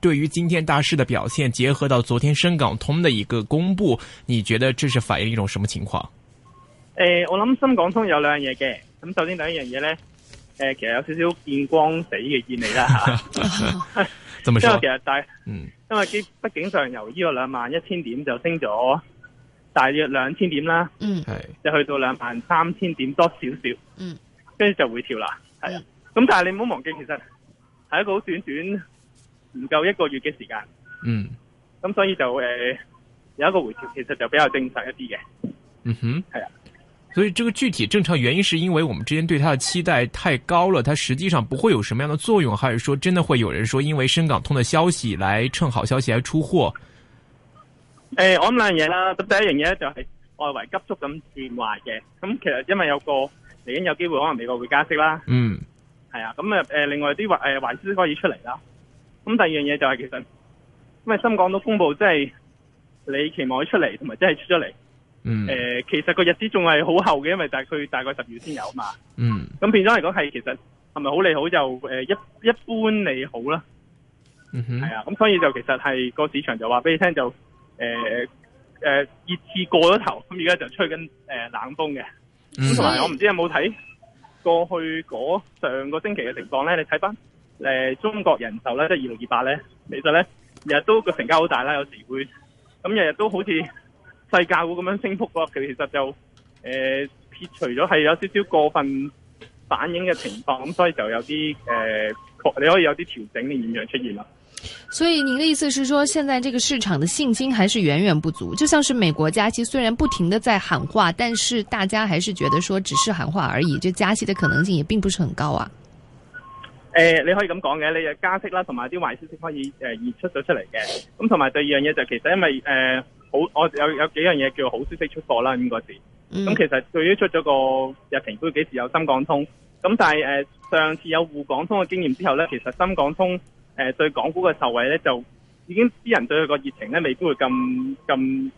對於今天大市的表現，結合到昨天深港通的一個公佈，你覺得這是反映一種什麼情況？誒、呃，我諗深港通有兩樣嘢嘅，咁首先第一樣嘢咧，誒、呃，其實有少少見光死嘅意味啦，因為其實但嗯因為基畢竟上由呢個兩萬一千點就升咗大約兩千點啦，嗯，係，就去到兩萬三千點多少少，嗯，跟住就會跳啦，係啊，咁但係你唔好忘記，其實係一個好短短。唔夠一個月嘅時間，嗯，咁所以就誒、呃、有一個回調，其實就比較正常一啲嘅，嗯哼，係啊。所以呢個具體正常原因，係因為我們之前對佢嘅期待太高了，佢實際上不會有什麼樣嘅作用，還是說真的會有人說因為深港通嘅消息來趁好消息而出貨？誒、呃，我諗兩樣嘢啦。咁第一樣嘢咧就係外圍急速咁轉壞嘅，咁、嗯、其實因為有個已經有機會可能美國會加息啦，嗯，係啊，咁誒誒另外啲壞誒壞消息可以出嚟啦。咁第二樣嘢就係其實，因為深港通公布，即係你期望佢出嚟，同埋即係出咗嚟。嗯。其實個日子仲係好後嘅，因為佢大概十月先有啊嘛。嗯。咁變咗嚟講係其實係咪好利好就、呃、一一般利好啦。嗯哼。係啊，咁所以就其實係個市場就話俾你聽就誒、呃呃、熱氣過咗頭，咁而家就吹緊、呃、冷風嘅。咁同埋我唔知有冇睇過去嗰上個星期嘅情況咧，你睇翻。呃、中國人壽咧，即係二六二八咧，其實咧日日都個成交好大啦，有時會咁日日都好似世界股咁樣升幅個，佢其實就誒撇、呃、除咗係有少少過分反應嘅情況，咁所以就有啲誒、呃，你可以有啲調整嘅現象出現啦。所以您的意思是說，現在這個市場的信心還是遠遠不足，就像是美國加息，雖然不停的在喊話，但是大家還是覺得說只是喊話而已，就加息的可能性也並不是很高啊。誒、呃、你可以咁講嘅，你有加息啦，同埋啲壞消息可以誒、呃、而出咗出嚟嘅。咁同埋第二樣嘢就其實因為誒、呃、好，我有有幾樣嘢叫做好消息出貨啦，咁嗰陣。咁、嗯嗯、其實對於出咗個日情，都幾時有深港通。咁但係但係誒、呃、上次有滬港通嘅經驗之後咧，其實深港通、呃、對港股嘅受惠咧就已經啲人對佢個熱情咧未必會咁咁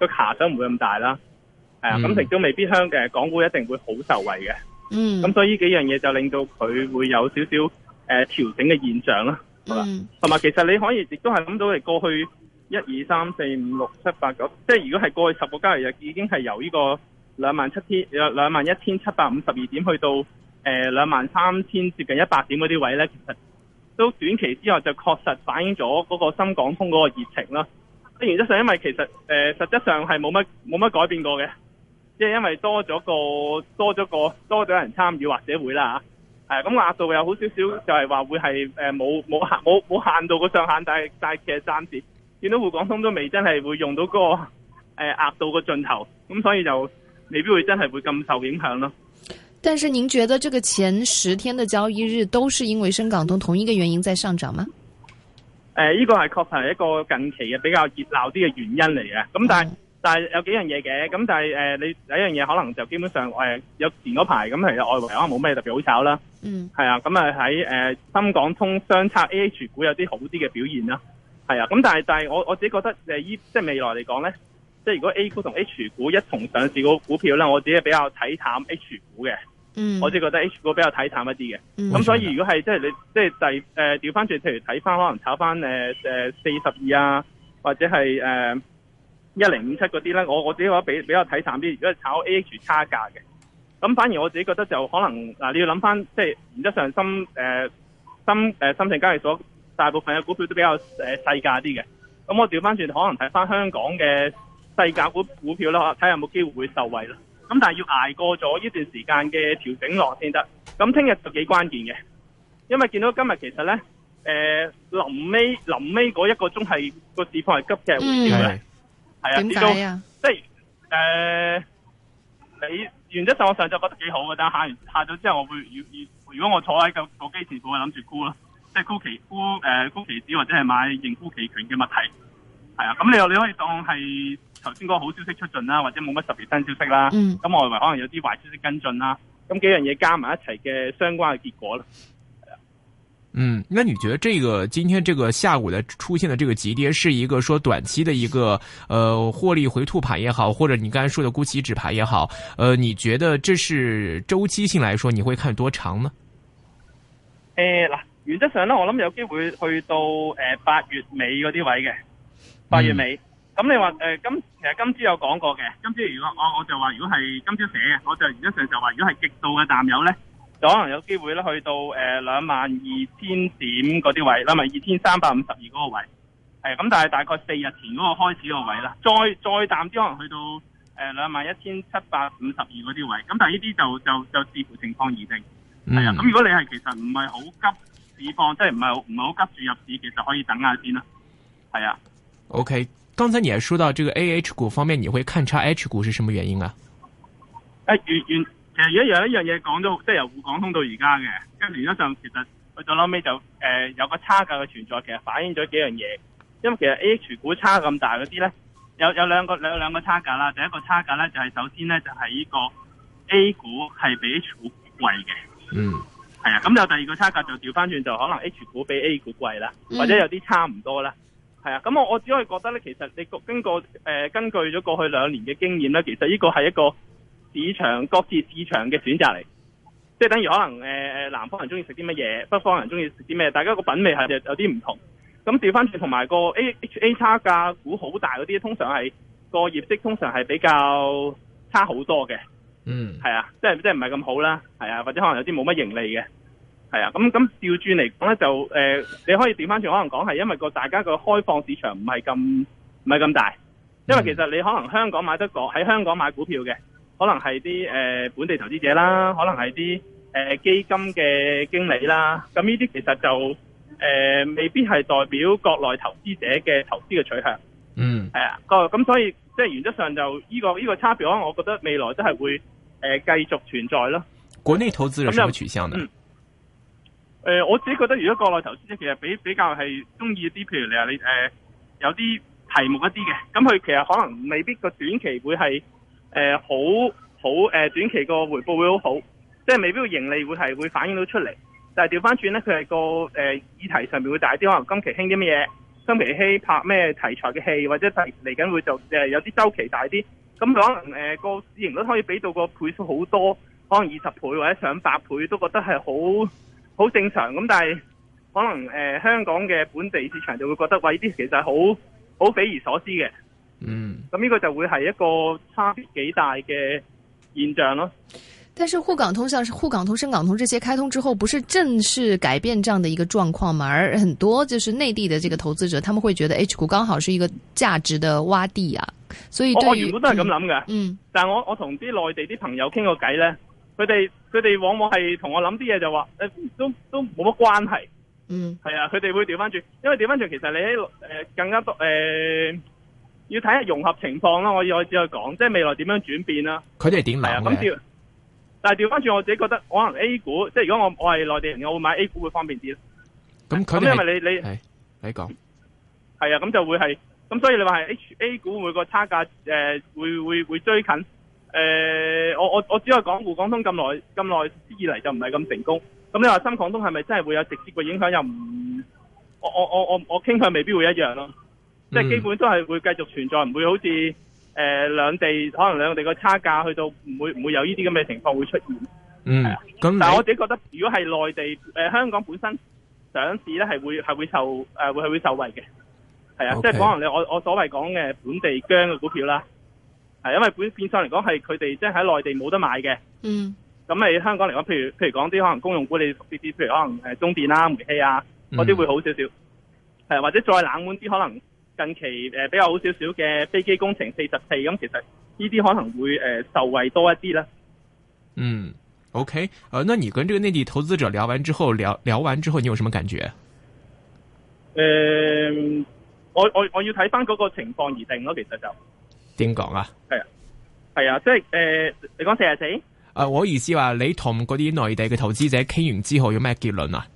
個下降唔會咁大啦。係啊、呃，咁亦、嗯嗯、都未必香港股一定會好受惠嘅。嗯，咁所以呢幾樣嘢就令到佢會有少少誒調整嘅現象啦，係啦，同埋其實你可以亦都係諗到，你過去一二三四五六七八九，即係如果係過去十個交易日已經係由呢個兩萬七千兩萬一千七百五十二點去到誒兩萬三千接近一百點嗰啲位咧，其實都短期之外就確實反映咗嗰個深港通嗰個熱情啦。誒，原則上因為其實誒、呃、實質上係冇乜冇乜改變過嘅。即係因為多咗個多咗個多咗人參與或者會啦吓，係咁額度又好少少，就係話會係誒冇冇限冇冇限度嘅上限，但係但係其實暫時見到滬港通都未真係會用到那個個誒額度個盡頭，咁所以就未必會真係會咁受影響咯。但是您覺得這個前十天的交易日都是因為深港通同，同一個原因在上漲嗎？誒、呃，呢、這個係確實係一個近期嘅比較熱鬧啲嘅原因嚟嘅，咁但係。嗯但係有幾樣嘢嘅，咁但係誒、呃，你有一樣嘢可能就基本上誒、呃、有前嗰排咁，其實外圍可能冇咩特別好炒啦。嗯。係啊，咁啊喺誒深港通相測 A H 股有啲好啲嘅表現啦。係啊，咁但係但係我我自己覺得誒依、呃、即係未來嚟講咧，即係如果 A 股同 H 股一同上市個股票咧，我自己係比較睇淡 H 股嘅。嗯。我自己覺得 H 股比較睇淡一啲嘅。咁、嗯、所以如果係、嗯、即係你即係第誒調翻轉，譬如睇翻可能炒翻誒誒四十二啊，或者係誒。呃一零五七嗰啲咧，我我自己嘅話比比較睇淡啲。如果係炒 AH 差價嘅，咁反而我自己覺得就可能嗱、啊，你要諗翻，即係原則上深誒、呃、深誒、呃、深圳交易所大部分嘅股票都比較誒、呃、細價啲嘅。咁我調翻轉，可能睇翻香港嘅細價股股票啦，睇下有冇機會會受惠啦。咁但係要捱過咗呢段時間嘅調整落先得。咁聽日就幾關鍵嘅，因為見到今日其實咧誒臨尾臨尾嗰一個鐘係、個市況係急嘅，回調、嗯係啊，知道啊，即係誒、呃，你原則上我上晝就覺得幾好㗎，但下晝行完行咗之後，我會如如如果我坐喺個個機前，我諗住沽啦，即係沽期沽誒沽期指或者係買認沽期權嘅物體。係啊，咁你又你可以當係頭先嗰個好消息出盡啦，或者冇乜特別新消息啦，咁、嗯、我係咪可能有啲壞消息跟進啦？咁幾樣嘢加埋一齊嘅相關嘅結果啦。嗯，那你覺得這個今天這個下午的出現的這個急跌，是一個說短期的一個，呃獲利回吐盤也好，或者你剛才說的沽期指牌也好，呃，你覺得這是周期性來說，你會看多長呢？誒嗱、呃，原則上呢，我諗有機會去到誒、呃、八月尾嗰啲位嘅，八月尾。咁、嗯、你話誒、呃、今其實今朝有講過嘅，今朝如果我我就話如果係今朝寫嘅，我就，我就原則上就話如果係極度嘅淡友咧。就可能有機會咧，去到誒兩萬二千點嗰啲位，啦咪二千三百五十二嗰個位，係咁，但係大概四日前嗰個開始個位啦，再再淡啲，可能去到誒兩萬一千七百五十二嗰啲位，咁但係呢啲就就就視乎情況而定，係啊。咁、嗯、如果你係其實唔係好急市況，即係唔係唔係好急住入市，其實可以等下先啦。係啊。啊 OK，剛才你也說到這個 A H 股方面，你會看差 H 股是什麼原因啊？誒、呃，原原。其實如果有一樣嘢講到，即係由滬港通到而家嘅，咁連咗上,其實去到後尾就誒、呃、有個差價嘅存在，其實反映咗幾樣嘢。因為其實 A H 股差咁大嗰啲咧，有有兩個有兩個差價啦。第一個差價咧就係、是、首先咧就係、是、呢個 A 股係比 H 股貴嘅。嗯。係啊，咁有第二個差價就掉返轉就可能 H 股比 A 股貴啦，嗯、或者有啲差唔多啦。係啊，咁我我只係覺得咧，其實你經過誒根據咗、呃、過去兩年嘅經驗咧，其實呢個係一個。市場各自市場嘅選擇嚟，即係等於可能誒誒、呃，南方人中意食啲乜嘢，北方人中意食啲咩，大家個品味係有啲唔同。咁調翻轉，同埋個 A H A 差價股好大嗰啲，通常係個業績通常係比較差好多嘅。嗯，係啊，即係即係唔係咁好啦。係啊，或者可能有啲冇乜盈利嘅。係啊，咁咁調轉嚟講咧，就誒、呃，你可以調翻轉，可能講係因為個大家個開放市場唔係咁唔係咁大，mm. 因為其實你可能香港買得過喺香港買股票嘅。可能係啲誒本地投資者啦，可能係啲誒基金嘅經理啦，咁呢啲其實就誒、呃、未必係代表國內投資者嘅投資嘅取向，嗯，係啊，個咁所以即係、就是、原則上就呢、這個呢、這個差別，可能我覺得未來都係會誒繼、呃、續存在咯。國內投資有係乜取向呢？誒、嗯呃，我自己覺得如果國內投資者其實比比較係鍾意啲，譬如你話你誒有啲題目一啲嘅，咁佢其實可能未必個短期會係。誒、呃、好好誒、呃、短期個回報會好好，即係未必個盈利會係會反映到出嚟。但係調翻轉咧，佢係個誒、呃、議題上面會大啲，可能今期興啲乜嘢，今期希拍咩題材嘅戲，或者嚟緊會就誒、呃、有啲周期大啲。咁、嗯、可能誒個、呃、市盈率可以俾到個倍數好多，可能二十倍或者上百倍，都覺得係好好正常。咁、嗯、但係可能誒、呃、香港嘅本地市場就會覺得喂，依、哎、啲其實好好匪夷所思嘅。嗯，咁呢個就會係一個差幾大嘅現象咯。但是滬港通、向是滬港通、深港通這些開通之後，不是正式改變這樣的一個狀況嘛？而很多就是內地的這個投資者，他們會覺得 H 股剛好是一個價值的窪地啊。所以對於我，我原本都係咁諗嘅嗯。嗯，但係我我同啲內地啲朋友傾過偈咧，佢哋佢哋往往係同我諗啲嘢就話誒、呃，都都冇乜關係，嗯，係啊。佢哋會調翻轉，因為調翻轉，其實你喺誒、呃、更加多誒。呃要睇下融合情況啦，我我只可以講，即係未來點樣轉變啦。佢哋點嚟呀？啊，咁但係調翻轉，我自己覺得，可能 A 股，即係如果我我係內地人，我會買 A 股會方便啲咯。咁佢，咁因為你係係你你講，係啊，咁就會係，咁所以你話係 H A 股每個差價，誒、呃、會會會追近。誒、呃，我我我只係講滬港通咁耐咁耐之以嚟就唔係咁成功。咁你話深港通係咪真係會有直接嘅影響？又唔，我我我我我傾向未必會一樣咯。即係基本都係會繼續存在，唔、嗯、會好似誒兩地可能兩地個差價去到唔會唔會有呢啲咁嘅情況會出現。嗯，的但係我自己覺得，如果係內地誒、呃、香港本身上市咧，係會係會受誒會係會受惠嘅。係啊，Okay. 即係可能你我我所謂講嘅本地姜嘅股票啦，係因為本變相嚟講係佢哋即係喺內地冇得買嘅。嗯。咁係香港嚟講，譬如譬如講啲可能公用股，你啲啲譬如可能誒中電啦、啊、煤氣啊嗰啲會好少少，係、嗯、或者再冷門啲可能。近期誒比較好少少嘅飛機工程四十四咁，44, 其實呢啲可能會誒、呃、受惠多一啲啦。嗯，OK，誒、呃，那你跟這個內地投資者聊完之後，聊聊完之後你有什麼感覺？誒、呃，我我我要睇翻嗰個情況而定咯，其實就點講啊？係啊，係啊，即係誒，你講四十四？誒，我意思話你同嗰啲內地嘅投資者傾完之後，有咩結論啊？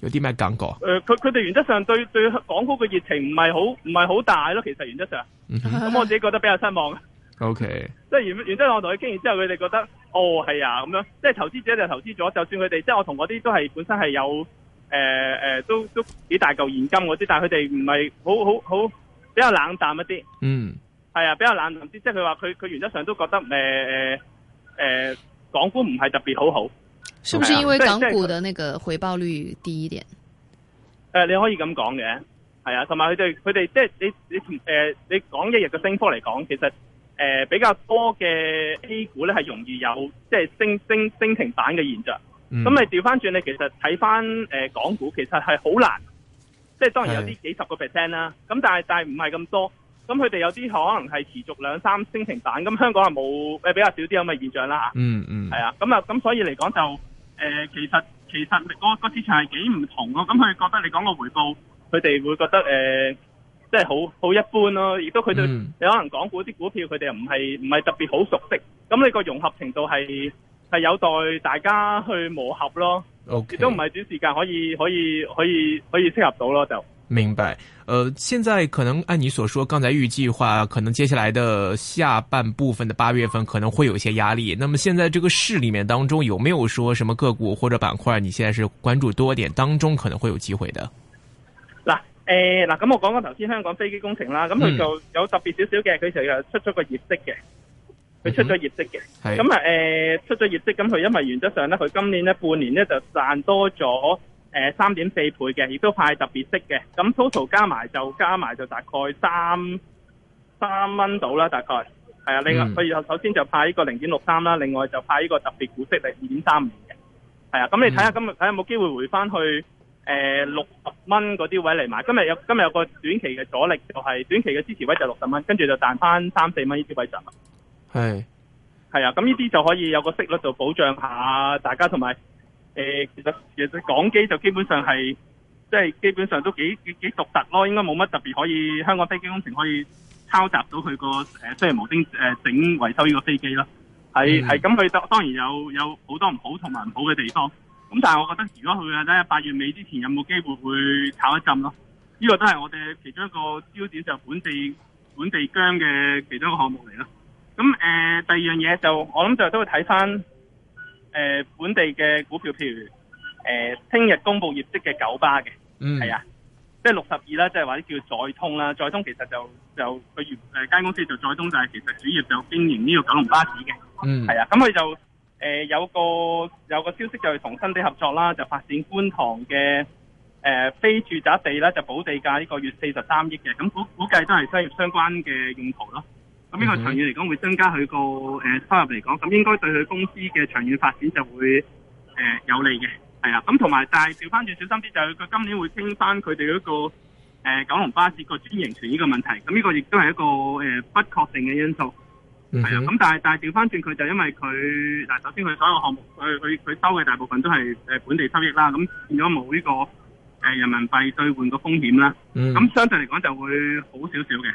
有啲咩感覺？誒、呃，佢佢哋原則上對對港股嘅熱情唔係好唔係好大咯。其實原則上，咁、Mm-hmm. 嗯、我自己覺得比較失望。OK，即係原原則上我同佢傾完之後，佢哋覺得哦係啊咁樣，即係投資者就投資咗。就算佢哋即係我同嗰啲都係本身係有誒誒、呃呃，都都幾大嚿現金嗰啲，但係佢哋唔係好好好比較冷淡一啲。嗯，係啊，比較冷淡啲。即係佢話佢佢原則上都覺得誒誒誒，港股唔係特別好好。是不是因為港股的那個回報率低一點？誒，你可以咁講嘅，係啊，同埋佢哋佢哋即係你你誒，你講、呃、一日嘅升幅嚟講，其實誒、呃、比較多嘅 A 股咧係容易有即係、就是、升升升停板嘅現象，咁你調翻轉你其實睇翻誒港股其實係好難，即係當然有啲幾十個 percent 啦，咁但係但係唔係咁多，咁佢哋有啲可能係持續兩三升停板，咁香港係冇誒比較少啲咁嘅現象啦，吓，嗯嗯，係啊，咁啊咁所以嚟講就。誒，其實其實嗰市場係幾唔同嘅，咁佢覺得你講個回報，佢哋會覺得誒，即係好好一般咯。亦都佢對你可能港股啲股票，佢哋又唔係唔係特別好熟悉，咁你個融合程度係係有待大家去磨合咯，亦 Okay 都唔係短時間可以可以可以可以適合到咯就。明白，呃，現在可能按你所說，剛才預計的話，可能接下來的下半部分的八月份可能會有一些壓力。那麼現在這個市裏面當中，有沒有說什麼個股或者板塊？你現在是關注多點當中可能會有機會的。嗱、呃，誒、呃，嗱，咁我講咗頭先香港飛機工程啦，咁佢就有特別少少嘅，佢、嗯、就出咗個業績嘅，佢出咗業績嘅，咁啊，誒，出咗業績，咁佢因為原則上呢，佢今年呢，半年呢，就賺多咗。誒，三點四倍嘅，亦都派特別息嘅。咁 total 加埋就加埋就大概三三蚊到啦，大概係啊。另外，佢、嗯、首先就派呢個零點六三啦，另外就派呢個特別股息係二點三五嘅。係啊，咁你睇下今日睇下有冇機會回翻去誒六十蚊嗰啲位嚟買。今日有今日有個短期嘅阻力就係短期嘅支持位就六十蚊，跟住就彈翻三四蚊呢啲位上。係係是啊，咁呢啲就可以有個息率就保障下大家同埋。誒，其實其實港機就基本上係，即、就、係、是、基本上都幾幾幾獨特咯，應該冇乜特別可以香港飛機工程可以抄襲到佢個誒雖然無丁誒、呃、整維修呢個飛機咯，係係咁佢當然有有多好多唔好同埋唔好嘅地方，咁但係我覺得如果佢咧八月尾之前有冇機會會炒一浸咯，呢、這個都係我哋其中一個焦點就是、本地本地疆嘅其中一個項目嚟咯，咁誒、呃、第二樣嘢就我諗就都會睇翻。誒、呃，本地嘅股票，譬如誒，聽、呃、日公布業績嘅九巴嘅，嗯，係啊，即係六十二啦，即係或者叫載通啦，載通其實就就佢原誒間公司就載通，就係其實主要就經營呢個九龍巴士嘅、嗯，嗯，係啊，咁佢就誒有個有個消息就係同新地合作啦，就發展觀塘嘅誒、呃、非住宅地啦，就補地價呢個月四十三億嘅，咁估估計都係商業相關嘅用途咯。咁呢個長遠嚟講會增加佢個誒收入嚟講，咁應該對佢公司嘅長遠發展就會誒、呃、有利嘅，係啊。咁同埋但係調翻轉小心啲，就佢、係、今年會傾返佢哋嗰個、呃、九龍巴士個專營權呢個問題。咁呢個亦都係一個誒、呃、不確定嘅因素，係啊。咁但係但係調翻轉佢就因為佢嗱，首先佢所有項目佢佢佢收嘅大部分都係本地收益啦，咁變咗冇呢個誒人民幣兌換個風險啦。咁相對嚟講就會好少少嘅。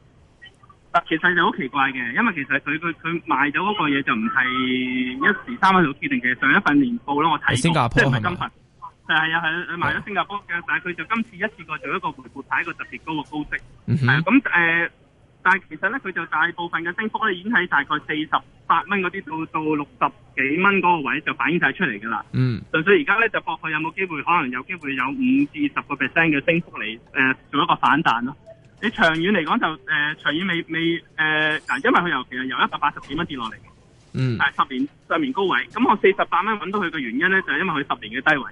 其實就好奇怪嘅，因為其實佢佢佢賣咗嗰個嘢就唔係一時三刻就決定嘅，上一份年報咯，我睇，新即係唔係今份，係啊係啊，賣咗新加坡嘅，但係佢就今次一次過做一個回報，係一個特別高嘅高息，係咁誒，但係其實咧，佢就大部分嘅升幅咧，已經喺大概四十八蚊嗰啲到到六十幾蚊嗰個位就反映晒出嚟㗎啦，嗯，純粹而家咧就搏佢有冇機會，可能有機會有五至十個 percent 嘅升幅嚟誒、呃、做一個反彈咯。你長遠嚟講就誒、呃、長遠未未誒嗱、呃，因為佢由其實由一百八十幾蚊跌落嚟，嗯，係十年上面高位，咁我四十八蚊揾到佢嘅原因咧，就係、因為佢十年嘅低位，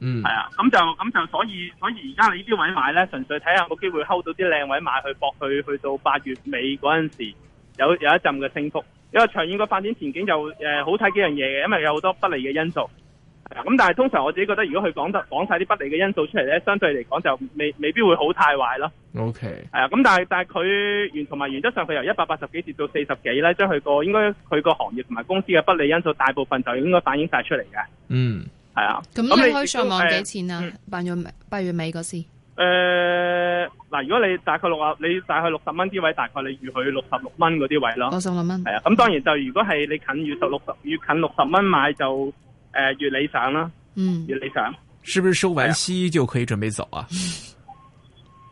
嗯，係啊，咁就咁就所以所以而家你呢啲位買咧，純粹睇有冇機會 hold 到啲靚位賣。去搏去去到八月尾嗰陣時有有一陣嘅升幅，因為長遠個發展前景就誒、呃、好睇幾樣嘢嘅，因為有好多不利嘅因素。咁、嗯、但係通常我自己覺得，如果佢講得講曬啲不利嘅因素出嚟咧，相對嚟講就未未必會好太壞咯。OK，係啊，咁但係但係佢原同埋原則上，佢由一百八十幾跌到四十幾咧，將佢個應該佢個行業同埋公司嘅不利因素大部分就應該反映晒出嚟嘅。嗯，係啊的。咁、嗯、你可以上網幾錢啊？八、嗯、月八月尾嗰時。嗱、呃，如果你大概六十，你大概六十蚊啲位，大概你預佢六十六蚊嗰啲位咯。六十六蚊。係啊，咁、嗯嗯、當然就如果係你近預十六十，越近六十蚊買就。誒，月理想啦，嗯，月理想，是不是收完息就可以準備走啊？誒、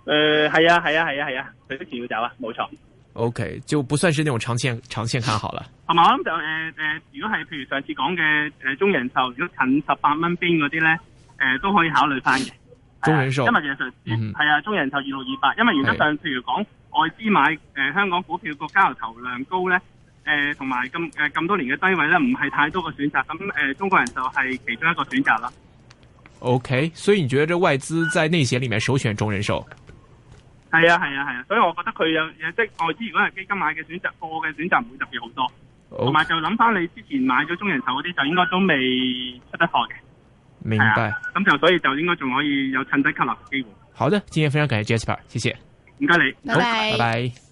嗯，係啊，係、嗯呃、啊，係啊，係啊，佢之、啊啊、前要走啊冇錯。OK，就不算是那種長線，長線看好了。同埋我諗就誒誒、呃呃，如果係譬如上次講嘅誒中人壽，如果近十八蚊邊嗰啲咧，誒都可以考慮翻嘅。中人壽因為其實上次，係、呃嗯、哼啊，中人壽二六二八，因為原則上譬如講外資買誒、呃、香港股票個交投量高咧。誒，同埋咁誒咁多年嘅低位咧，唔係太多嘅選擇，咁誒中國人就係其中一個選擇啦。OK，所以你覺得這外資在內險裏面首選中人壽？係啊係啊係啊，所以我覺得佢有即外資如果係基金買嘅選擇，個嘅選擇唔會特別好多。同埋就諗翻你之前買咗中人壽嗰啲就應該都未出得貨嘅。明白。咁就所以就應該仲可以有趁低吸納嘅機會。好嘅，今天非常感謝 Jasper，謝謝。唔該你。拜拜。